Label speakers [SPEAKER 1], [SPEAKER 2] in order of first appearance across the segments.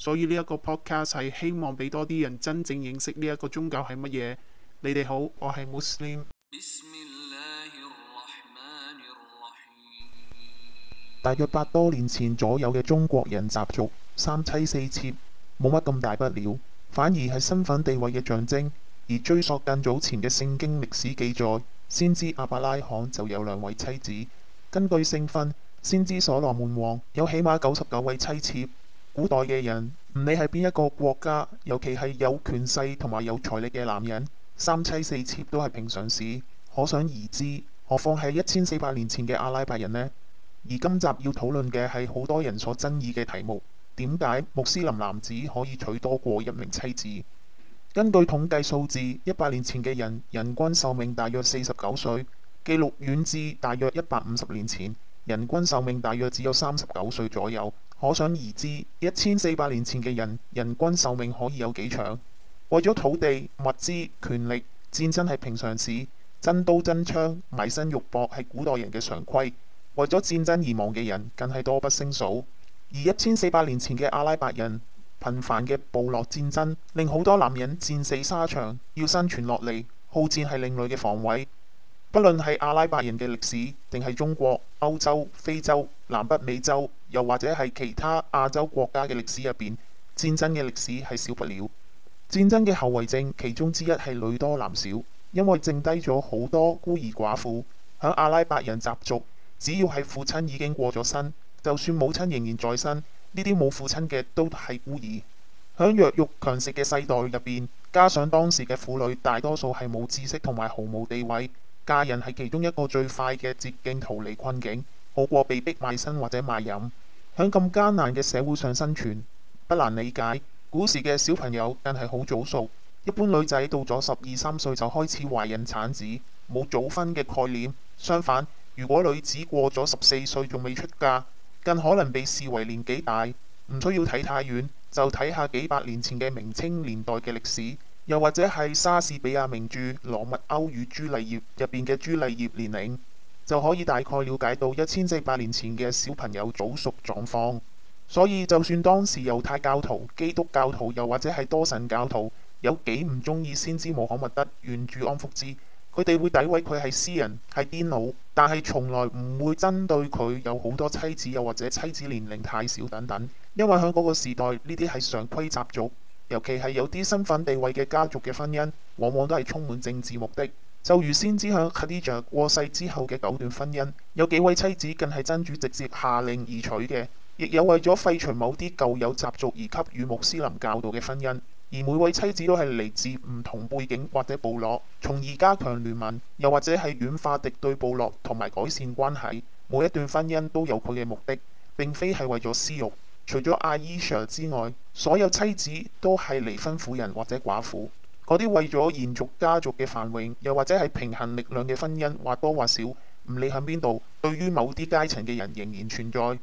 [SPEAKER 1] 所以呢一個 podcast 係希望俾多啲人真正認識呢一個宗教係乜嘢。你哋好，我係穆斯林。大約百多年前左右嘅中國人習俗，三妻四妾冇乜咁大不了，反而係身份地位嘅象徵。而追溯更早前嘅聖經歷史記載，先知阿伯拉罕就有兩位妻子。根據聖訓，先知所羅門王有起碼九十九位妻妾。古代嘅人，唔理係邊一個國家，尤其係有權勢同埋有財力嘅男人，三妻四妾都係平常事，可想而知。何況係一千四百年前嘅阿拉伯人呢？而今集要討論嘅係好多人所爭議嘅題目：點解穆斯林男子可以娶多過一名妻子？根據統計數字，一百年前嘅人人均壽命大約四十九歲，記錄遠至大約一百五十年前，人均壽命大約只有三十九歲左右。可想而知，一千四百年前嘅人人均壽命可以有幾長？為咗土地、物資、權力，戰爭係平常事，真刀真槍、埋身肉搏係古代人嘅常規。為咗戰爭而亡嘅人更係多不勝數。而一千四百年前嘅阿拉伯人，頻繁嘅部落戰爭令好多男人戰死沙場，要生存落嚟，好戰係另類嘅防衞。不論係阿拉伯人嘅歷史，定係中國、歐洲、非洲、南北美洲，又或者係其他亞洲國家嘅歷史入邊，戰爭嘅歷史係少不了。戰爭嘅後遺症其中之一係女多男少，因為剩低咗好多孤兒寡婦。響阿拉伯人習俗，只要係父親已經過咗身，就算母親仍然在生，呢啲冇父親嘅都係孤兒。響弱肉強食嘅世代入邊，加上當時嘅婦女大多數係冇知識同埋毫無地位。嫁人係其中一個最快嘅捷徑，逃離困境，好過被逼賣身或者賣淫。喺咁艱難嘅社會上生存，不難理解。古時嘅小朋友更係好早熟，一般女仔到咗十二三歲就開始懷孕產子，冇早婚嘅概念。相反，如果女子過咗十四歲仲未出嫁，更可能被視為年紀大。唔需要睇太遠，就睇下幾百年前嘅明清年代嘅歷史。又或者係莎士比亞名著《羅密歐與朱麗葉》入邊嘅朱麗葉年齡，就可以大概了解到一千四百年前嘅小朋友早熟狀況。所以就算當時猶太教徒、基督教徒，又或者係多神教徒，有幾唔中意先知穆罕默德願主安福之，佢哋會詆毀佢係詩人、係癲佬，但係從來唔會針對佢有好多妻子，又或者妻子年齡太少等等，因為喺嗰個時代呢啲係常規習俗。尤其係有啲身份地位嘅家族嘅婚姻，往往都係充滿政治目的。就如先知喺卡迪嘉過世之後嘅九段婚姻，有幾位妻子更係真主直接下令而娶嘅，亦有為咗廢除某啲舊有習俗而給予穆斯林教導嘅婚姻。而每位妻子都係嚟自唔同背景或者部落，從而加強聯盟，又或者係軟化敵對部落同埋改善關係。每一段婚姻都有佢嘅目的，並非係為咗私慾。除咗阿伊莎之外，所有妻子都係離婚婦人或者寡婦。嗰啲為咗延續家族嘅繁榮，又或者係平衡力量嘅婚姻，或多或少唔理喺邊度，對於某啲階層嘅人仍然存在。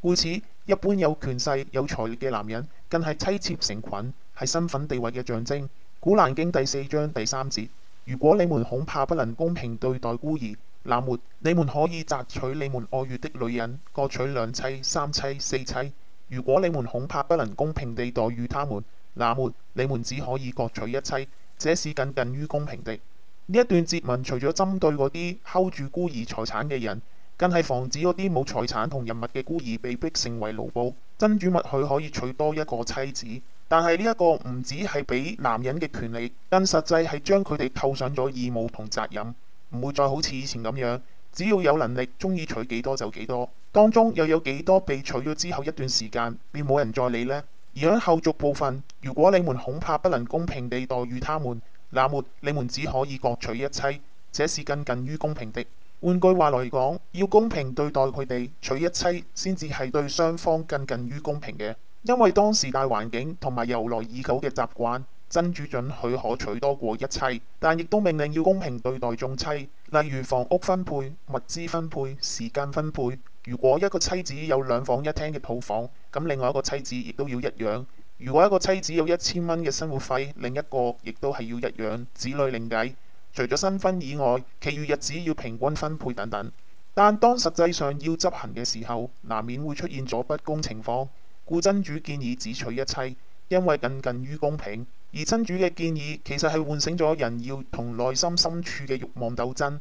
[SPEAKER 1] 故此，一般有權勢、有財力嘅男人，更係妻妾成群，係身份地位嘅象徵。《古蘭經》第四章第三節：如果你們恐怕不能公平對待孤兒，那末你們可以擇取你們愛遇的女人，各取兩妻、三妻、四妻。如果你們恐怕不能公平地待遇他們，那麼你們只可以各娶一妻，這是更近於公平的。呢一段節文除咗針對嗰啲睺住孤兒財產嘅人，更係防止嗰啲冇財產同人物嘅孤兒被逼成為勞保，真主默許可以娶多一個妻子，但係呢一個唔止係俾男人嘅權利，更實際係將佢哋扣上咗義務同責任，唔會再好似以前咁樣。只要有能力，中意取幾多就幾多。當中又有幾多被取咗之後一段時間，便冇人再理呢？而喺後續部分，如果你們恐怕不能公平地待遇他們，那麼你們只可以各取一妻，這是更近於公平的。換句話來講，要公平對待佢哋，取一妻先至係對雙方更近於公平嘅，因為當時大環境同埋由來已久嘅習慣。真主准許可娶多過一妻，但亦都命令要公平對待眾妻，例如房屋分配、物資分配、時間分配。如果一個妻子有兩房一廳嘅套房，咁另外一個妻子亦都要一樣。如果一個妻子有一千蚊嘅生活費，另一個亦都係要一樣。子女另計，除咗新婚以外，其餘日子要平均分配等等。但當實際上要執行嘅時候，難免會出現咗不公情況，故真主建議只娶一妻，因為更近於公平。而真主嘅建議其實係喚醒咗人要同內心深處嘅慾望鬥爭。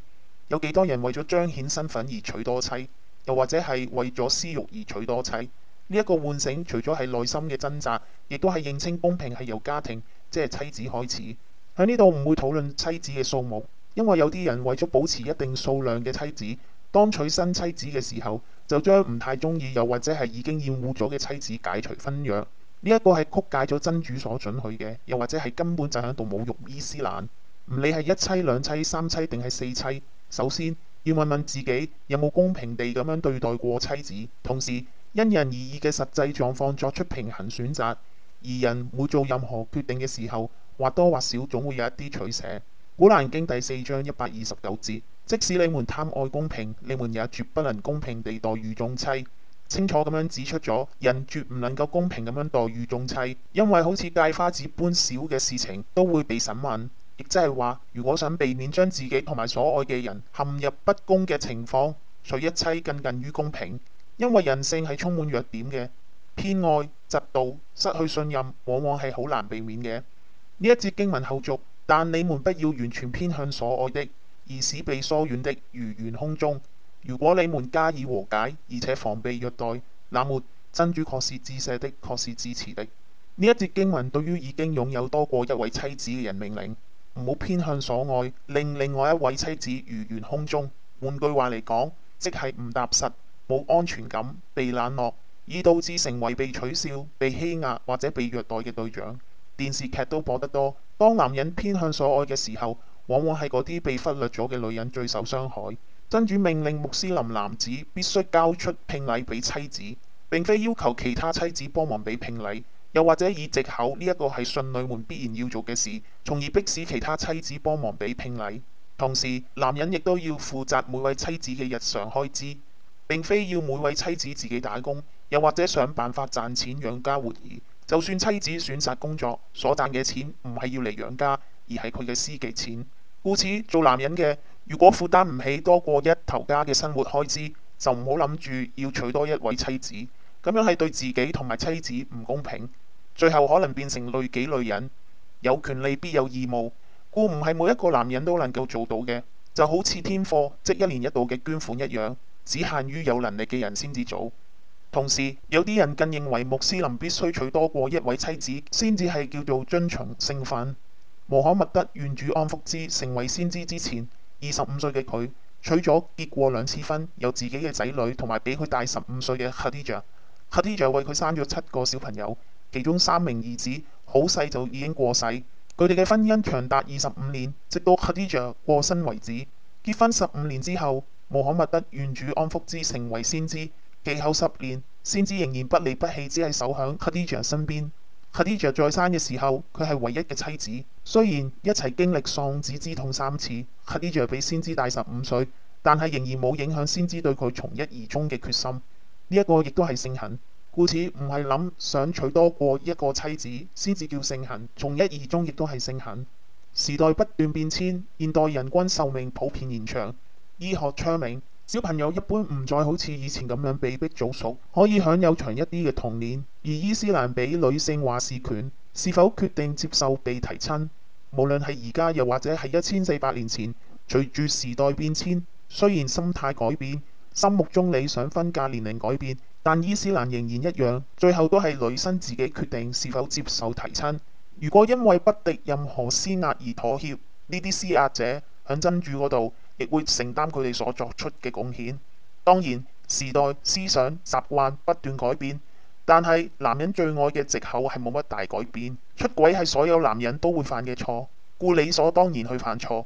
[SPEAKER 1] 有幾多人為咗彰顯身份而娶多妻，又或者係為咗私欲而娶多妻？呢一個喚醒除咗係內心嘅掙扎，亦都係認清公平係由家庭，即係妻子開始。喺呢度唔會討論妻子嘅數目，因為有啲人為咗保持一定數量嘅妻子，當娶新妻子嘅時候，就將唔太中意又或者係已經厭惡咗嘅妻子解除婚約。呢一個係曲解咗真主所準許嘅，又或者係根本就喺度侮辱伊斯蘭。唔理係一妻、兩妻、三妻定係四妻，首先要問問自己有冇公平地咁樣對待過妻子，同時因人而異嘅實際狀況作出平衡選擇。而人每做任何決定嘅時候，或多或少總會有一啲取捨。古蘭經第四章一百二十九節：即使你們貪愛公平，你們也絕不能公平地待遇眾妻。清楚咁樣指出咗，人絕唔能夠公平咁樣待遇眾妻，因為好似芥花子般小嘅事情都會被審問。亦即係話，如果想避免將自己同埋所愛嘅人陷入不公嘅情況，娶一妻更近於公平，因為人性係充滿弱點嘅，偏愛、嫉妒、失去信任，往往係好難避免嘅。呢一節經文後續，但你們不要完全偏向所愛的，而使被疏遠的如懸空中。如果你們加以和解，而且防備虐待，那麼真主確是至赦的，確是至慈的。呢一節經文對於已經擁有多過一位妻子嘅人命令：唔好偏向所愛，令另外一位妻子如懸空中。換句話嚟講，即係唔踏實，冇安全感，被冷落，以導致成為被取笑、被欺壓或者被虐待嘅對象。電視劇都播得多，當男人偏向所愛嘅時候，往往係嗰啲被忽略咗嘅女人最受傷害。真主命令穆斯林男子必須交出聘禮俾妻子，並非要求其他妻子幫忙俾聘禮，又或者以借口呢一個係信女們必然要做嘅事，從而迫使其他妻子幫忙俾聘禮。同時，男人亦都要負責每位妻子嘅日常開支，並非要每位妻子自己打工，又或者想辦法賺錢養家活兒。就算妻子選擇工作，所賺嘅錢唔係要嚟養家，而係佢嘅私己錢。故此，做男人嘅如果負擔唔起多過一頭家嘅生活開支，就唔好諗住要娶多一位妻子，咁樣係對自己同埋妻子唔公平，最後可能變成累己累人。有權利必有義務，故唔係每一個男人都能夠做到嘅。就好似天課，即一年一度嘅捐款一樣，只限於有能力嘅人先至做。同時，有啲人更認為穆斯林必須娶多過一位妻子，先至係叫做遵從聖訓。穆罕默德，願主安福之，成為先知之前。二十五歲嘅佢娶咗結過兩次婚，有自己嘅仔女，同埋比佢大十五歲嘅 Khadijah。Khadijah 為佢生咗七個小朋友，其中三名兒子好細就已經過世。佢哋嘅婚姻長達二十五年，直到 Khadijah 過身為止。結婚十五年之後，穆罕默德，願主安福之，成為先知，其後十年，先知仍然不離不棄，只係守喺 Khadijah 身邊。Khadijah 再生嘅時候，佢係唯一嘅妻子。雖然一齊經歷喪子之痛三次，哈里傑比先知大十五歲，但係仍然冇影響先知對佢從一而終嘅決心。呢、這、一個亦都係聖行，故此唔係諗想娶多過一個妻子先至叫聖行，從一而終亦都係聖行。時代不斷變遷，現代人均壽命普遍延長，醫學昌明。小朋友一般唔再好似以前咁樣被逼早熟，可以享有長一啲嘅童年。而伊斯蘭俾女性話事權，是否決定接受被提親？無論係而家又或者係一千四百年前，隨住時代變遷，雖然心態改變，心目中理想婚嫁年齡改變，但伊斯蘭仍然一樣，最後都係女生自己決定是否接受提親。如果因為不敵任何施壓而妥協，呢啲施壓者響真主嗰度，亦會承擔佢哋所作出嘅貢獻。當然，時代、思想、習慣不斷改變，但係男人最愛嘅借口係冇乜大改變。出軌係所有男人都會犯嘅錯，故理所當然去犯錯。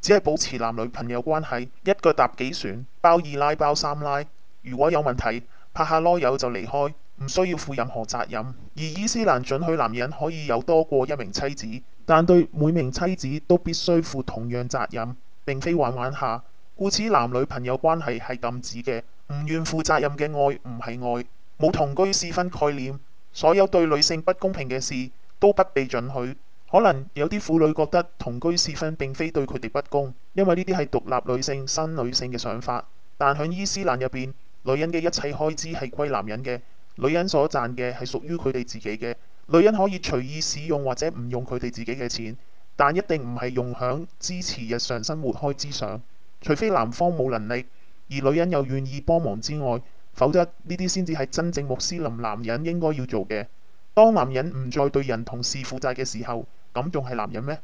[SPEAKER 1] 只係保持男女朋友關係，一腳踏幾船，包二奶、包三奶。如果有問題，拍下囉柚就離開，唔需要負任何責任。而伊斯蘭准許男人可以有多過一名妻子，但對每名妻子都必須負同樣責任。並非玩玩下，故此男女朋友關係係禁止嘅。唔願負責任嘅愛唔係愛，冇同居試婚概念，所有對女性不公平嘅事都不被准許。可能有啲婦女覺得同居試婚並非對佢哋不公，因為呢啲係獨立女性、新女性嘅想法。但響伊斯蘭入邊，女人嘅一切開支係歸男人嘅，女人所賺嘅係屬於佢哋自己嘅，女人可以隨意使用或者唔用佢哋自己嘅錢。但一定唔係用響支持日常生活開支上，除非男方冇能力而女人又願意幫忙之外，否則呢啲先至係真正穆斯林男人應該要做嘅。當男人唔再對人同事負責嘅時候，咁仲係男人咩？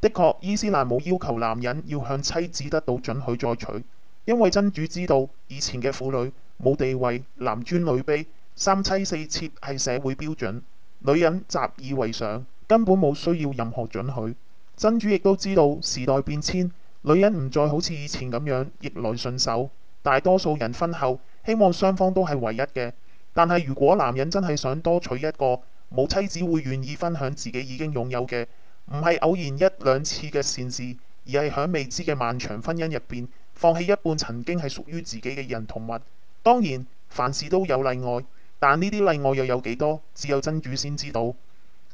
[SPEAKER 1] 的確，伊斯蘭冇要求男人要向妻子得到准許再娶，因為真主知道以前嘅婦女冇地位，男尊女卑，三妻四妾係社會標準，女人習以為常，根本冇需要任何准許。真主亦都知道時代變遷，女人唔再好似以前咁樣逆來順受。大多數人婚後希望雙方都係唯一嘅，但係如果男人真係想多娶一個，冇妻子會願意分享自己已經擁有嘅，唔係偶然一兩次嘅善事，而係喺未知嘅漫長婚姻入邊放棄一半曾經係屬於自己嘅人同物。當然，凡事都有例外，但呢啲例外又有幾多？只有真主先知道。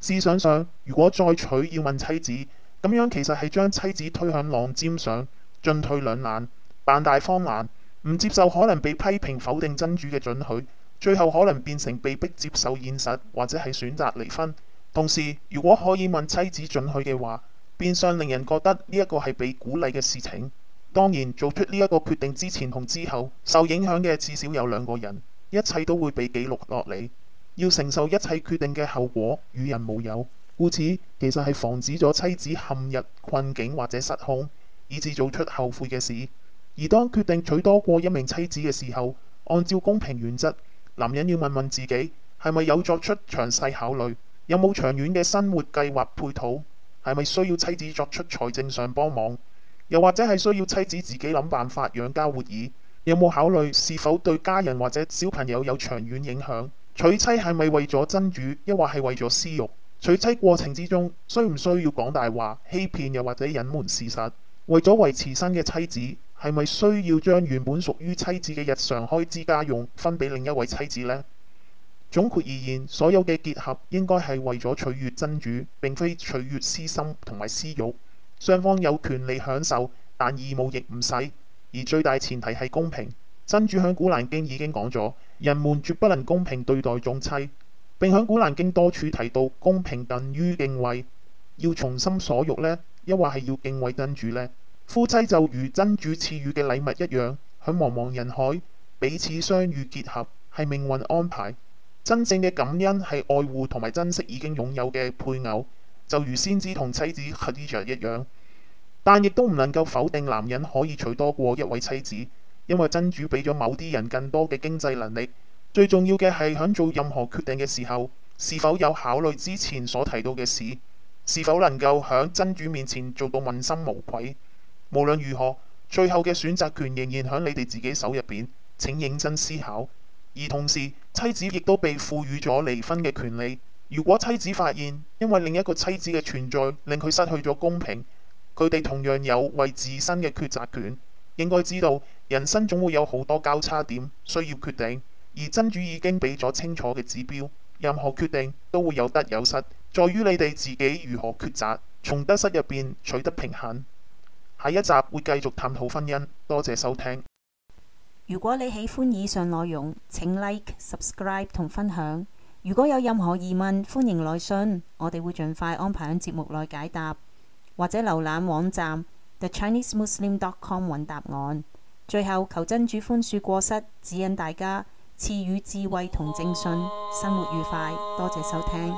[SPEAKER 1] 試想想，如果再娶，要問妻子。咁樣其實係將妻子推向浪尖上，進退兩難，扮大方難，唔接受可能被批評否定真主嘅准許，最後可能變成被迫接受現實或者係選擇離婚。同時，如果可以問妻子准許嘅話，變相令人覺得呢一個係被鼓勵嘅事情。當然，做出呢一個決定之前同之後，受影響嘅至少有兩個人，一切都會被記錄落嚟，要承受一切決定嘅後果，與人無有。故此，其實係防止咗妻子陷入困境或者失控，以致做出後悔嘅事。而當決定娶多過一名妻子嘅時候，按照公平原則，男人要問問自己係咪有作出詳細考慮，有冇長遠嘅生活計劃配套，係咪需要妻子作出財政上幫忙，又或者係需要妻子自己諗辦法養家活兒？有冇考慮是否對家人或者小朋友有長遠影響？娶妻係咪為咗真主，抑或係為咗私慾？娶妻過程之中，需唔需要講大話、欺騙又或者隱瞞事實？為咗維持新嘅妻子，係咪需要將原本屬於妻子嘅日常開支家用分俾另一位妻子呢？總括而言，所有嘅結合應該係為咗取悅真主，並非取悅私心同埋私欲。雙方有權利享受，但義務亦唔使。而最大前提係公平。真主響古蘭經已經講咗，人們絕不能公平對待眾妻。並喺《古蘭經》多處提到公平等於敬畏，要從心所欲呢，抑或係要敬畏真主呢。夫妻就如真主賜予嘅禮物一樣，喺茫茫人海彼此相遇結合，係命運安排。真正嘅感恩係愛護同埋珍惜已經擁有嘅配偶，就如先知同妻子 Khadijah 一樣。但亦都唔能夠否定男人可以娶多過一位妻子，因為真主俾咗某啲人更多嘅經濟能力。最重要嘅係響做任何決定嘅時候，是否有考慮之前所提到嘅事？是否能夠響真主面前做到問心無愧？無論如何，最後嘅選擇權仍然響你哋自己手入邊，請認真思考。而同時，妻子亦都被賦予咗離婚嘅權利。如果妻子發現因為另一個妻子嘅存在令佢失去咗公平，佢哋同樣有為自身嘅抉擇權。應該知道人生總會有好多交叉點，需要決定。而真主已經俾咗清楚嘅指標，任何決定都會有得有失，在於你哋自己如何抉擇，從得失入邊取得平衡。下一集會繼續探討婚姻，多謝收聽。如果你喜歡以上內容，請 like、subscribe 同分享。如果有任何疑問，歡迎來信，我哋會盡快安排喺節目內解答，或者瀏覽網站 the chinese muslim dot com 揾答案。最後，求真主寬恕過失，指引大家。賜予智慧同正信，生活愉快。多謝收聽。